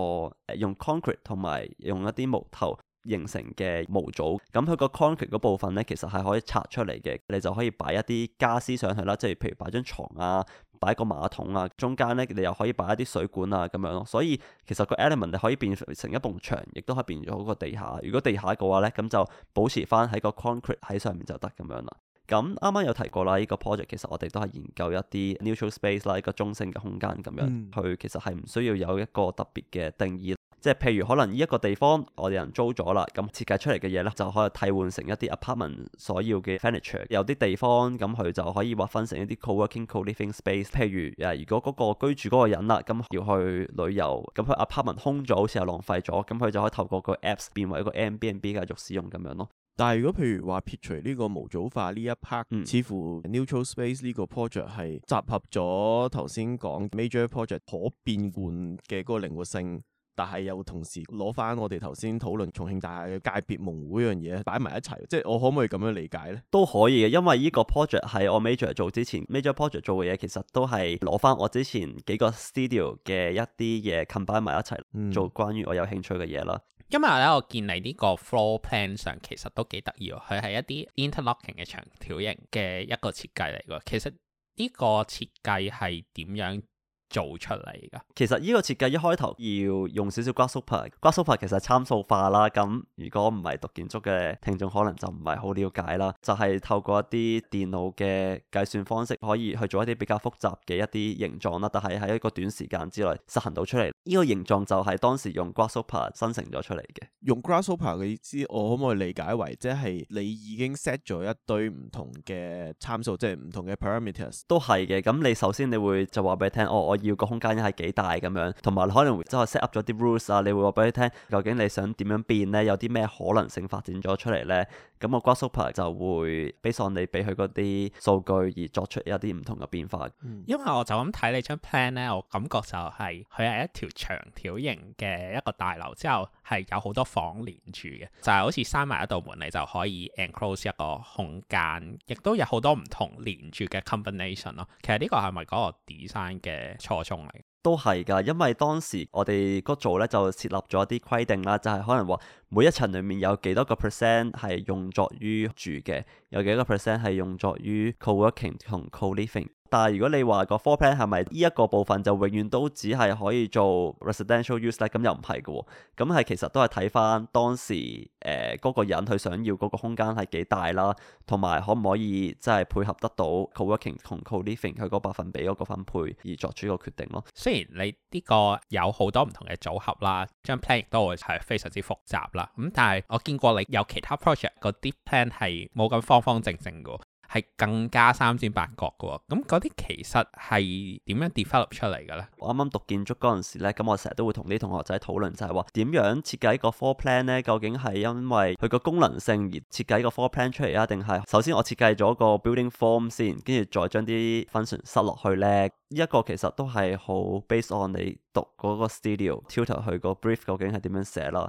誒用 concrete 同埋用。用一啲木頭形成嘅模組，咁佢個 concrete 部分咧，其實係可以拆出嚟嘅，你就可以擺一啲家私上去啦，即係譬如擺張床啊，擺個馬桶啊，中間咧你又可以擺一啲水管啊咁樣咯。所以其實個 element 你可以變成一埲牆，亦都係變咗個地下。如果地下嘅話咧，咁就保持翻喺個 concrete 喺上面就得咁樣啦。咁啱啱有提過啦，呢、這個 project 其實我哋都係研究一啲 neutral space 啦，一個中性嘅空間咁樣，佢、嗯、其實係唔需要有一個特別嘅定義。即係譬如可能呢一個地方我哋人租咗啦，咁設計出嚟嘅嘢咧就可以替換成一啲 apartment 所要嘅 furniture。有啲地方咁佢就可以劃分成一啲 co-working co-living space。譬如誒，如果嗰個居住嗰個人啦，咁要去旅遊，咁佢 apartment 空咗，好似又浪費咗，咁佢就可以透過個 apps 變為一個 Airbnb 繼續使用咁樣咯。但係如果譬如話撇除呢個模組化呢一 part，、嗯、似乎 neutral space 呢個 project 係集合咗頭先講 major project 可變換嘅嗰個靈活性。但係又同時攞翻我哋頭先討論重慶大廈嘅界別模糊樣嘢擺埋一齊，即係我可唔可以咁樣理解呢？都可以嘅，因為呢個 project 係我 major 做之前，major project 做嘅嘢其實都係攞翻我之前幾個 studio 嘅一啲嘢 combine 埋一齊，嗯、做關於我有興趣嘅嘢咯。因為咧，我見你呢個 floor plan 上其實都幾得意喎，佢係一啲 interlocking 嘅長條形嘅一個設計嚟嘅。其實呢個設計係點樣？做出嚟㗎，其實呢個設計一開頭要用少少 Grasshopper，Grasshopper 其實係參數化啦。咁如果唔係讀建築嘅聽眾，可能就唔係好了解啦。就係、是、透過一啲電腦嘅計算方式，可以去做一啲比較複雜嘅一啲形狀啦。但係喺一個短時間之內實行到出嚟，呢、這個形狀就係當時用 Grasshopper 生成咗出嚟嘅。用 Grasshopper 嘅意思，我可唔可以理解為即係你已經 set 咗一堆唔同嘅參數，即係唔同嘅 parameters？都係嘅。咁你首先你會就話俾你聽，哦。」我。要個空間係幾大咁樣，同埋可能會即係 set up 咗啲 rules 啊，你會話俾佢聽究竟你想點樣變呢？有啲咩可能性發展咗出嚟呢？咁個 Grasshopper 就會俾上你俾佢嗰啲數據而作出有啲唔同嘅變化。嗯、因為我就咁睇你張 plan 咧，我感覺就係佢係一條長條形嘅一個大樓之後係有好多房連住嘅，就係、是、好似閂埋一道門，你就可以 enclose 一個空間，亦都有好多唔同連住嘅 combination 咯。其實呢個係咪嗰個 design 嘅？錯綜嚟，都係㗎，因為當時我哋嗰組咧就設立咗啲規定啦，就係、是、可能話每一層裡面有幾多個 percent 係用作於住嘅，有幾多個 percent 係用作於 co-working 同 co-living。但係如果你話個 floor plan 係咪呢一個部分就永遠都只係可以做 residential use 咧，咁又唔係嘅，咁係其實都係睇翻當時誒嗰、呃嗰個人佢想要嗰個空間係幾大啦，同埋可唔可以即係配合得到 co-working 同 co-living 佢嗰百分比嗰個分配而作出個決定咯。雖然你呢個有好多唔同嘅組合啦，張 plan 都會係非常之複雜啦。咁但係我見過你有其他 project 個 deep plan 係冇咁方方正正嘅。係更加三尖八角嘅喎，咁嗰啲其實係點樣 develop 出嚟嘅呢？我啱啱讀建築嗰陣時咧，咁我成日都會同啲同學仔討論，就係話點樣設計一個 floor plan 呢？究竟係因為佢個功能性而設計一個 floor plan 出嚟啊，定係首先我設計咗個 building form 先，跟住再將啲 function 塞落去呢？呢一個其實都係好 based on 你讀嗰個 studio tutor 佢個 brief 究竟係點樣寫囉。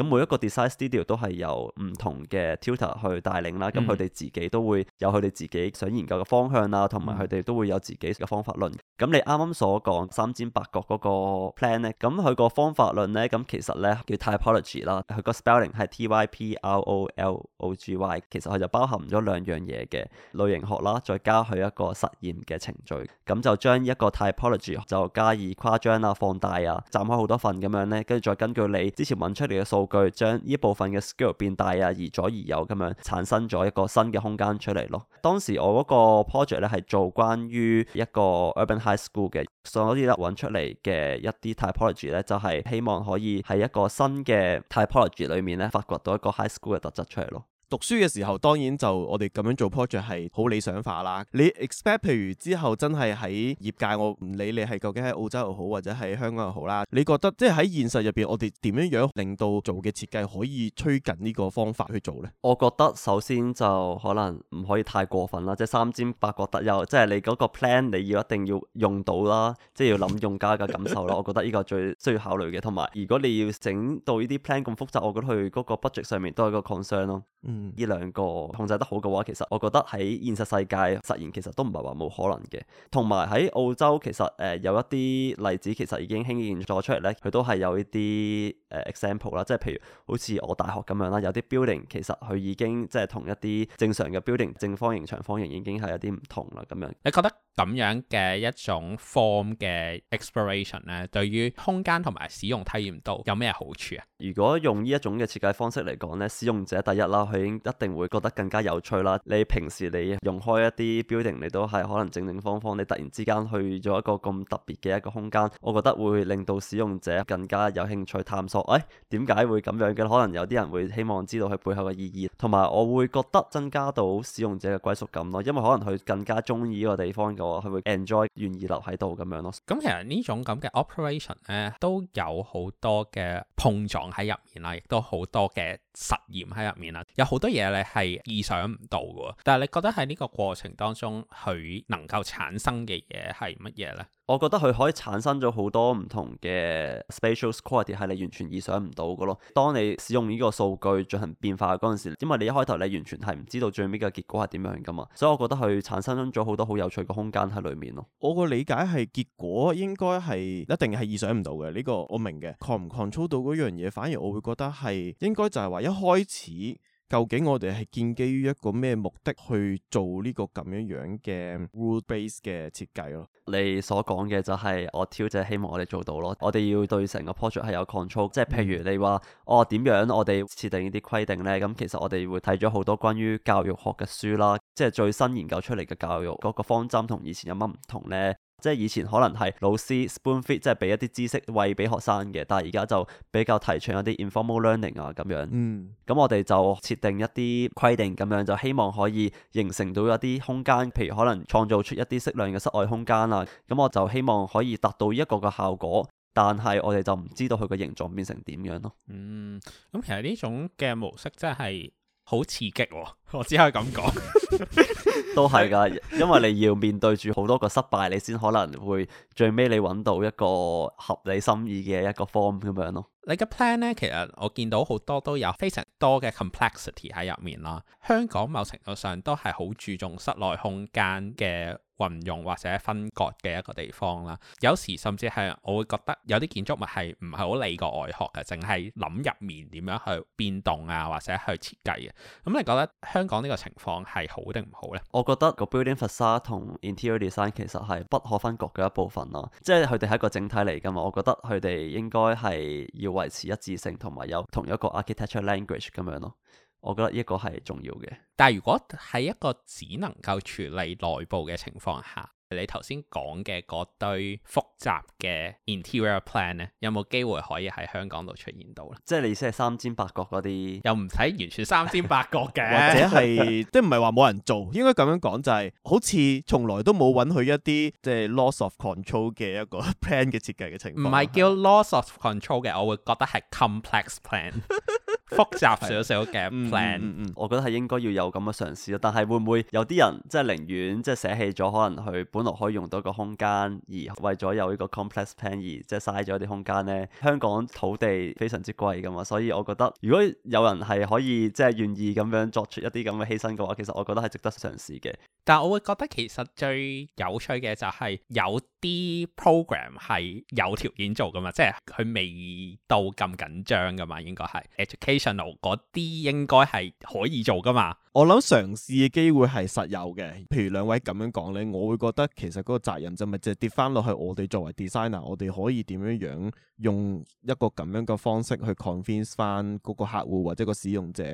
咁每一個 design studio 都係由唔同嘅 tutor 去帶領啦，咁佢哋自己都會有佢哋自己想研究嘅方向啦，同埋佢哋都會有自己嘅方法論。咁、嗯、你啱啱所講三尖八角嗰個 plan 咧，咁佢個方法論咧，咁其實咧叫 typology 啦，佢個 spelling 係 t y p r o l o g y，其實佢就包含咗兩樣嘢嘅類型學啦，再加佢一個實驗嘅程序，咁就將一個 typology 就加以誇張啊、放大啊、斬開好多份咁樣咧，跟住再根據你之前揾出嚟嘅數。佢將呢部分嘅 scale 變大啊，移左移右咁樣產生咗一個新嘅空間出嚟咯。當時我嗰個 project 咧係做關於一個 urban high school 嘅，所以嗰啲揾出嚟嘅一啲 typology 咧，就係、是、希望可以喺一個新嘅 typology 裏面咧，發掘到一個 high school 嘅特質出嚟咯。讀書嘅時候，當然就我哋咁樣做 project 係好理想化啦。你 expect 譬如之後真係喺業界，我唔理你係究竟喺澳洲又好，或者喺香港又好啦。你覺得即係喺現實入邊，我哋點樣樣令到做嘅設計可以趨近呢個方法去做呢？我覺得首先就可能唔可以太過分啦，即係三尖八角得有。即係你嗰個 plan 你要一定要用到啦，即係要諗用家嘅感受啦。 我覺得呢個最需要考慮嘅。同埋如果你要整到呢啲 plan 咁複雜，我覺得佢嗰個 budget 上面都係一個 concern 咯。嗯呢兩、嗯、個控制得好嘅話，其實我覺得喺現實世界實現其實都唔係話冇可能嘅。同埋喺澳洲其實誒、呃、有一啲例子其實已經興建咗出嚟咧，佢都係有一啲誒 example 啦，即係譬如好似我大學咁樣啦，有啲 building 其實佢已經即係同一啲正常嘅 building 正方形、長方形已經係有啲唔同啦咁樣。你覺得咁樣嘅一種 form 嘅 exploration 咧，對於空間同埋使用體驗都有咩好處啊？如果用呢一種嘅設計方式嚟講咧，使用者第一啦，佢。一定會覺得更加有趣啦！你平時你用開一啲 building，你都係可能正正方方，你突然之間去咗一個咁特別嘅一個空間，我覺得會令到使用者更加有興趣探索。誒、哎，點解會咁樣嘅？可能有啲人會希望知道佢背後嘅意義，同埋我會覺得增加到使用者嘅歸屬感咯。因為可能佢更加中意呢個地方嘅話，佢會 enjoy，願意留喺度咁樣咯。咁其實呢種咁嘅 operation 咧都有好多嘅碰撞喺入面啦，亦都好多嘅實驗喺入面啦，有好。好多嘢你係意想唔到嘅，但係你覺得喺呢個過程當中佢能夠產生嘅嘢係乜嘢呢？我覺得佢可以產生咗好多唔同嘅 spatial quality 係你完全意想唔到嘅咯。當你使用呢個數據進行變化嗰陣時，因為你一開頭你完全係唔知道最尾嘅結果係點樣嘅嘛，所以我覺得佢產生咗好多好有趣嘅空間喺裏面咯。我個理解係結果應該係一定係意想唔到嘅，呢個我明嘅。control 唔 control 到嗰樣嘢，反而我會覺得係應該就係話一開始。究竟我哋係建基於一個咩目的去做呢個咁樣樣嘅 rule base 嘅設計咯？你所講嘅就係我挑戰希望我哋做到咯。我哋要對成個 project 係有 control，即係譬如你話哦點樣我哋設定呢啲規定呢？嗯，咁其實我哋會睇咗好多關於教育學嘅書啦，即係最新研究出嚟嘅教育嗰個方針同以前有乜唔同呢？即係以前可能係老師 spoon feed 即係俾一啲知識喂俾學生嘅，但係而家就比較提倡一啲 informal learning 啊咁樣。嗯，咁我哋就設定一啲規定，咁樣就希望可以形成到一啲空間，譬如可能創造出一啲適量嘅室外空間啊。咁我就希望可以達到一個嘅效果，但係我哋就唔知道佢嘅形狀變成點樣咯。嗯，咁其實呢種嘅模式真係～好刺激喎，哦，我只可以咁講， 都係噶，因為你要面對住好多個失敗，你先可能會最尾你揾到一個合理心意嘅一個 form 咁樣咯。你嘅 plan 咧，其實我見到好多都有非常多嘅 complexity 喺入面啦。香港某程度上都係好注重室內空間嘅運用或者分割嘅一個地方啦。有時甚至係我會覺得有啲建築物係唔係好理個外殼嘅，淨係諗入面點樣去變動啊，或者去設計嘅。咁你覺得香港呢個情況係好定唔好咧？我覺得個 building facade 同 interior design 其實係不可分割嘅一部分咯，即係佢哋係一個整體嚟噶嘛。我覺得佢哋應該係要。維持一致性同埋有同一個 architecture language 咁樣咯，我覺得呢個係重要嘅。但係如果喺一個只能夠處理內部嘅情況下。你頭先講嘅嗰堆複雜嘅 interior plan 咧，有冇機會可以喺香港度出現到咧？即係你意思係三尖八角嗰啲，又唔使完全三尖八角嘅， 或者係即唔係話冇人做，應該咁樣講就係、是，好似從來都冇允許一啲即係、就是、loss of control 嘅一個 plan 嘅設計嘅情況。唔係叫 loss of control 嘅，我會覺得係 complex plan。 複雜少少嘅 plan， 嗯嗯嗯、我覺得係應該要有咁嘅嘗試咯。但係會唔會有啲人即係寧願即係捨棄咗可能佢本來可以用到一個空間，而為咗有呢個 complex plan 而即係嘥咗一啲空間呢？香港土地非常之貴噶嘛，所以我覺得如果有人係可以即係願意咁樣作出一啲咁嘅犧牲嘅話，其實我覺得係值得嘗試嘅。但係我會覺得其實最有趣嘅就係有啲 program 係有條件做噶嘛，即係佢未到咁緊張噶嘛，應該係 education 嗰啲應該係可以做噶嘛？我諗嘗試嘅機會係實有嘅。譬如兩位咁樣講呢，我會覺得其實嗰個責任就咪就跌翻落去我哋作為 designer，我哋可以點樣樣用一個咁樣嘅方式去 convince 翻嗰個客戶或者個使用者，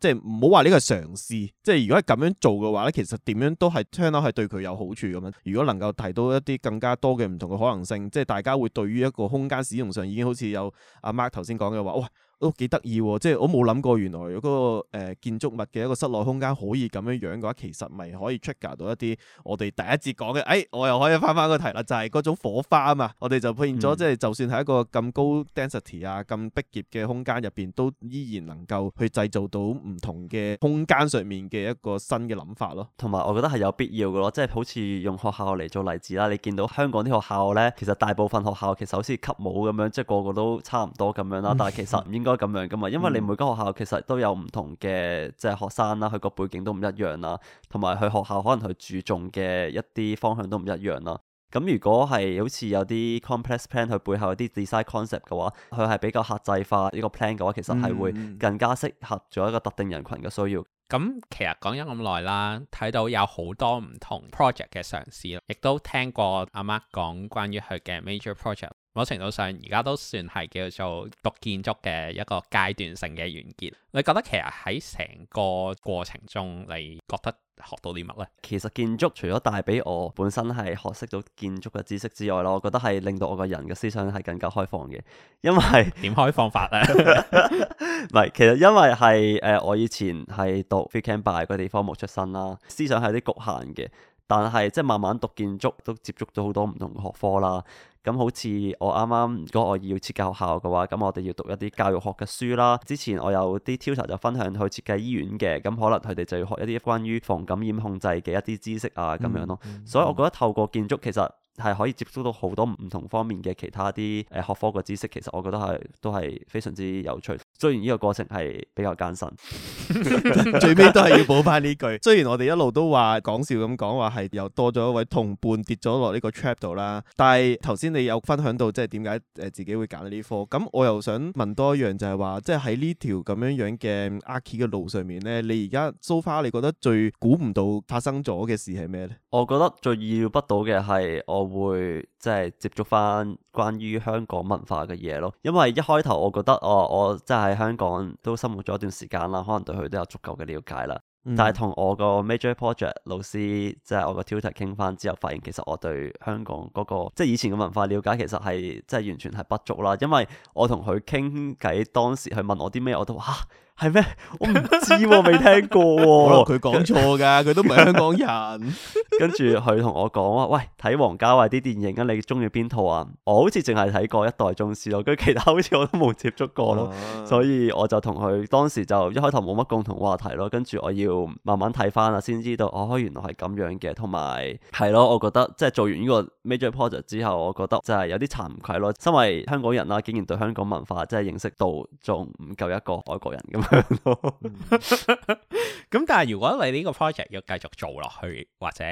即係唔好話呢個係嘗試。即係如果係咁樣做嘅話呢，其實點樣都係 turn out 係對佢有好處咁樣。如果能夠提到一啲更加多嘅唔同嘅可能性，即係大家會對於一個空間使用上已經好似有阿、啊、Mark 頭先講嘅話，哇。都幾得意，即係我冇諗過原來有、那、嗰個、呃、建築物嘅一個室內空間可以咁樣樣嘅話其實咪可以 trigger 到一啲我哋第一節講嘅。誒、哎、我又可以翻翻個題啦，就係、是、嗰種火花啊嘛！我哋就發現咗，即係、嗯、就算喺一個咁高 density 啊、咁逼仄嘅空間入邊都依然能夠去製造到唔同嘅空間上面嘅一個新嘅諗法咯。同埋我覺得係有必要嘅咯，即、就、係、是、好似用學校嚟做例子啦。你見到香港啲學校咧，其實大部分學校其實好似吸母咁樣，即係個個都差唔多咁樣啦。但係其實唔應該、嗯。咁樣噶嘛，嗯、因為你每間學校其實都有唔同嘅即係學生啦，佢個背景都唔一樣啦，同埋佢學校可能佢注重嘅一啲方向都唔一樣啦。咁如果係好似有啲 complex plan，佢背後有啲 design concept 嘅話，佢係比較客製化呢、呢個 plan 嘅話，其實係會更加適合做一個特定人群嘅需要。咁、嗯嗯、其實講咗咁耐啦，睇到有好多唔同 project 嘅嘗試，亦都聽過阿 Mark 講關於佢嘅 major project。某程度上，而家都算係叫做讀建築嘅一個階段性嘅完結。你覺得其實喺成個過程中，你覺得學到啲乜咧？其實建築除咗帶俾我本身係學識咗建築嘅知識之外啦，我覺得係令到我個人嘅思想係更加開放嘅。因為點開放法咧？唔係， 其實因為係誒，我以前係讀 free can by 嗰啲科目出身啦，思想係啲局限嘅。但係即係慢慢讀建築，都接觸咗好多唔同嘅學科啦。咁好似我啱啱如果我要設計學校嘅話，咁我哋要讀一啲教育學嘅書啦。之前我有啲 teacher 就分享去設計醫院嘅，咁可能佢哋就要學一啲關於防感染控制嘅一啲知識啊咁、嗯、樣咯。嗯、所以，我覺得透過建築其實，係可以接觸到好多唔同方面嘅其他啲誒學科嘅知識，其實我覺得係都係非常之有趣。雖然呢個過程係比較艱辛， 最尾都係要補翻呢句。雖然我哋一路都話講笑咁講話係又多咗一位同伴跌咗落呢個 trap 度啦，但係頭先你有分享到即係點解誒自己會揀呢科？咁我又想問多一樣，就係話即係喺呢條咁樣樣嘅 arch 嘅、e、路上面呢，你而家 so far 你覺得最估唔到發生咗嘅事係咩呢？我覺得最意料不到嘅係我。會即係接觸翻關於香港文化嘅嘢咯，因為一開頭我覺得哦，我即係喺香港都生活咗一段時間啦，可能對佢都有足夠嘅了解啦。嗯、但係同我個 major project 老師即係、就是、我個 tutor 傾翻之後，發現其實我對香港嗰、那個即係、就是、以前嘅文化了解其實係即係完全係不足啦，因為我同佢傾偈，當時佢問我啲咩，我都話。啊係咩？我唔知、啊，未聽過、啊。佢講錯噶，佢都唔係香港人。 跟住佢同我講話，喂，睇王家衛啲電影啊，你中意邊套啊？我好似淨係睇過一代宗師咯，跟住其他好似我都冇接觸過咯。啊、所以我就同佢當時就一開頭冇乜共同話題咯。跟住我要慢慢睇翻啦，先知道哦，原來係咁樣嘅。同埋係咯，我覺得即係做完呢個 major project 之後，我覺得就係有啲慚愧咯。身為香港人啦、啊，竟然對香港文化真係認識到仲唔夠一個外國人咁。咁， 但係如果你呢個 project 要繼續做落去，或者？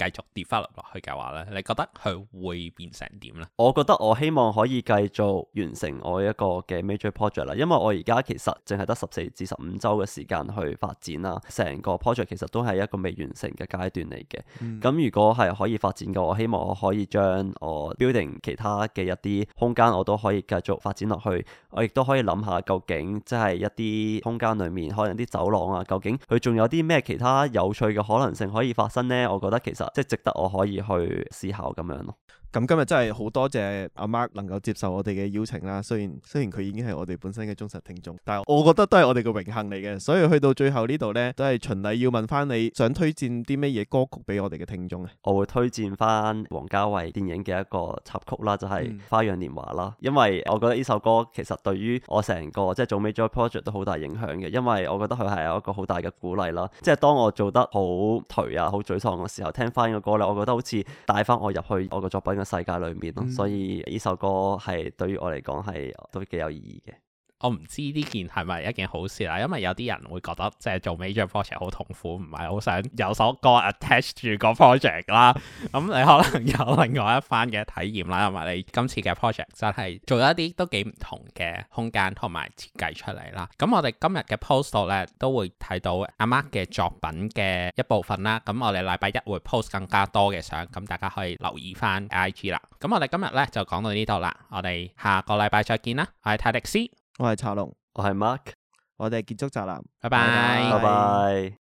繼續 develop 落去嘅話咧，你覺得佢會變成點呢？我覺得我希望可以繼續完成我一個嘅 major project 啦，因為我而家其實淨係得十四至十五周嘅時間去發展啦。成個 project 其實都係一個未完成嘅階段嚟嘅。咁、嗯、如果係可以發展嘅，我希望我可以將我 building 其他嘅一啲空間，我都可以繼續發展落去。我亦都可以諗下究竟即係一啲空間裏面可能啲走廊啊，究竟佢仲有啲咩其他有趣嘅可能性可以發生呢？我覺得其實～即係值得我可以去思考咁樣咯。咁今日真係好多謝阿、啊、Mark 能夠接受我哋嘅邀請啦，雖然雖然佢已經係我哋本身嘅忠實聽眾，但係我覺得都係我哋嘅榮幸嚟嘅。所以去到最後呢度呢，都係循例要問翻你想推薦啲咩嘢歌曲俾我哋嘅聽眾啊？我會推薦翻王家衞電影嘅一個插曲啦，就係、是《花樣年華》啦，嗯因。因為我覺得呢首歌其實對於我成個即係做 major project 都好大影響嘅，因為我覺得佢係有一個好大嘅鼓勵啦。即係當我做得好頹啊、好沮喪嘅時候，聽翻個歌咧，我覺得好似帶翻我入去我個作品。世界裏面咯，所以呢首歌係對於我嚟講，係都幾有意義嘅。我唔知呢件係咪一件好事啦，因為有啲人會覺得即係做 major project 好痛苦，唔係好想有首歌 attach 住個 project 啦。咁你可能有另外一番嘅體驗啦。同埋你今次嘅 project 真係做咗一啲都幾唔同嘅空間同埋設計出嚟啦。咁我哋今日嘅 post 咧都會睇到阿 Mark 嘅作品嘅一部分啦。咁我哋禮拜一會 post 更加多嘅相，咁大家可以留意翻 IG 啦。咁我哋今日咧就講到呢度啦，我哋下個禮拜再見啦。我係泰迪斯。我係茶龍，我係 Mark，我哋結束宅男，拜拜，拜拜。